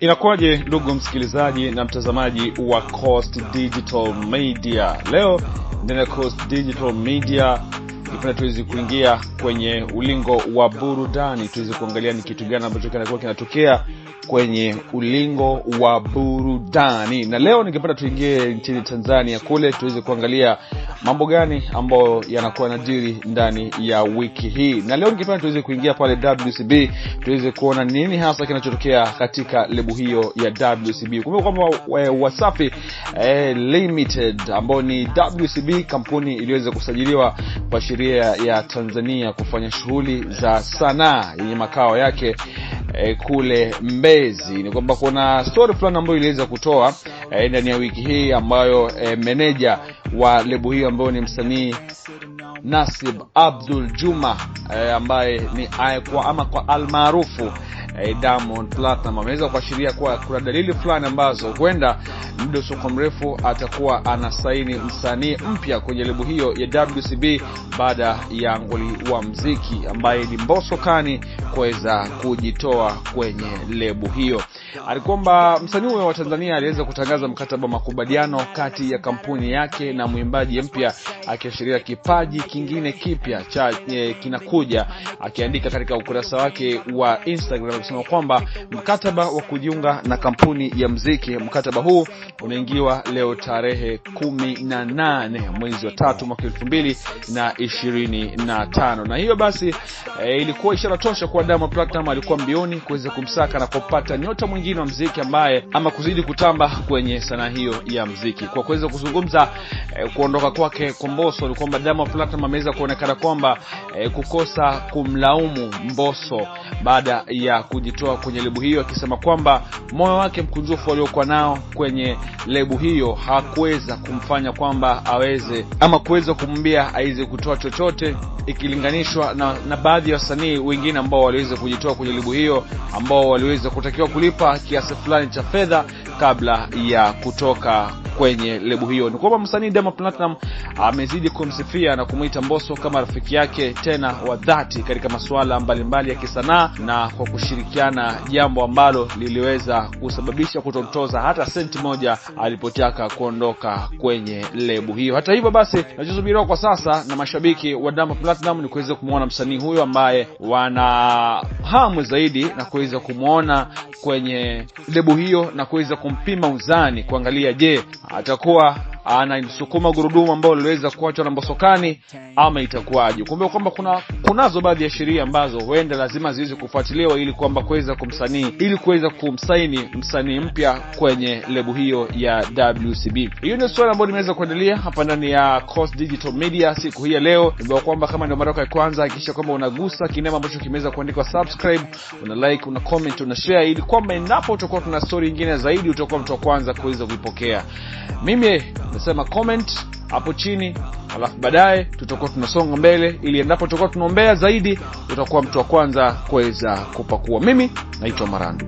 Inakuwaje ndugu msikilizaji na mtazamaji wa Coast Digital Media? Leo ndani ya Coast Digital Media kipenda tuwezi kuingia kwenye ulingo wa burudani, tuweze kuangalia ni kitu gani ambacho kinakuwa kinatokea kwenye ulingo wa burudani, na leo ningependa tuingie nchini Tanzania kule tuweze kuangalia mambo gani ambayo yanakuwa yanajiri ndani ya wiki hii, na leo ningependa tuweze kuingia pale WCB tuweze kuona nini hasa kinachotokea katika lebu hiyo ya WCB. Kumbuka kwamba e, Wasafi eh, Limited ambao ni WCB, kampuni iliyoweza kusajiliwa kwa sheria ya Tanzania kufanya shughuli za sanaa yenye makao yake e, kule Mbezi, ni kwamba kuna story fulani ambayo iliweza kutoa e, ndani ya wiki hii ambayo e, meneja wa lebo hiyo ambayo ni msanii Nasib Abdul Juma eh, ambaye ni kwa ama kwa almaarufu eh, Diamond Platinum ameweza kuashiria kuwa kuna dalili fulani ambazo huenda muda usoko mrefu atakuwa anasaini msanii mpya kwenye lebo hiyo ya WCB baada ya nguli wa mziki ambaye ni Mbosso Kani kuweza kujitoa kwenye lebu hiyo. Alikwamba msanii huyo wa Tanzania aliweza kutangaza mkataba makubaliano kati ya kampuni yake na mwimbaji mpya, akiashiria kipaji kingine kipya cha e, kinakuja, akiandika katika ukurasa wake wa Instagram akisema kwamba mkataba wa kujiunga na kampuni ya mziki, mkataba huu unaingiwa leo tarehe kumi na nane mwezi wa tatu mwaka elfu mbili na ishirini na tano na hiyo basi e, ilikuwa ishara tosha kwa Diamond Platnumz alikuwa mbioni kuweza kumsaka na kupata nyota mwingine wa mziki ambaye ama kuzidi kutamba kwenye sanaa hiyo ya mziki. Kwa kuweza kuzungumza eh, kuondoka kwake Komboso ni kwamba Diamond Platnumz ameweza kuonekana kwamba eh, kukosa kumlaumu Mbosso baada ya kujitoa kwenye lebu hiyo, akisema kwamba moyo wake mkunjufu aliokuwa nao kwenye lebu hiyo hakuweza kumfanya kwamba aweze ama kuweza kumwambia aweze kutoa chochote ikilinganishwa na, na baadhi ya wasanii wengine ambao waliweza kujitoa kwenye libu hiyo, ambao waliweza kutakiwa kulipa kiasi fulani cha fedha kabla ya kutoka kwenye lebu hiyo. Ni kwamba msanii Diamond Platinum amezidi kumsifia na kumwita Mbosso kama rafiki yake tena wa dhati katika masuala mbalimbali ya kisanaa na kwa kushirikiana, jambo ambalo liliweza kusababisha kutomtoza hata senti moja alipotaka kuondoka kwenye lebu hiyo. Hata hivyo basi, nachosubiriwa kwa sasa na mashabiki wa Diamond Platinum ni kuweza kumwona msanii huyo ambaye wana hamu zaidi na kuweza kumwona kwenye lebu hiyo na kuweza kumpima uzani, kuangalia je 啊，叫酷啊！anasukuma gurudumu ambalo liliweza kuachwa na Mbosokani ama itakuwaje? Kumbe kwamba kuna kunazo baadhi ya sheria ambazo huenda lazima ziweze kufuatiliwa ili kwamba kuweza kumsanii ili kuweza kumsaini msanii mpya kwenye lebu hiyo ya WCB. Hiyo ndio swali ambayo nimeweza kuandalia hapa ndani ya Coast Digital Media siku hii ya leo. Kumbe kwamba kama ndio mara ya kwanza, hakikisha kwamba unagusa kinema ambacho kimeweza kuandikwa subscribe, una like, una comment, una share ili kwamba inapo tutakuwa tuna story nyingine zaidi utakuwa mtu wa kwanza kuweza kuipokea. Mimi utasema comment hapo chini, alafu baadaye tutakuwa tunasonga mbele, ili endapo tutakuwa tunaombea zaidi, utakuwa mtu wa kwanza kuweza kupakua. Mimi naitwa Marandu.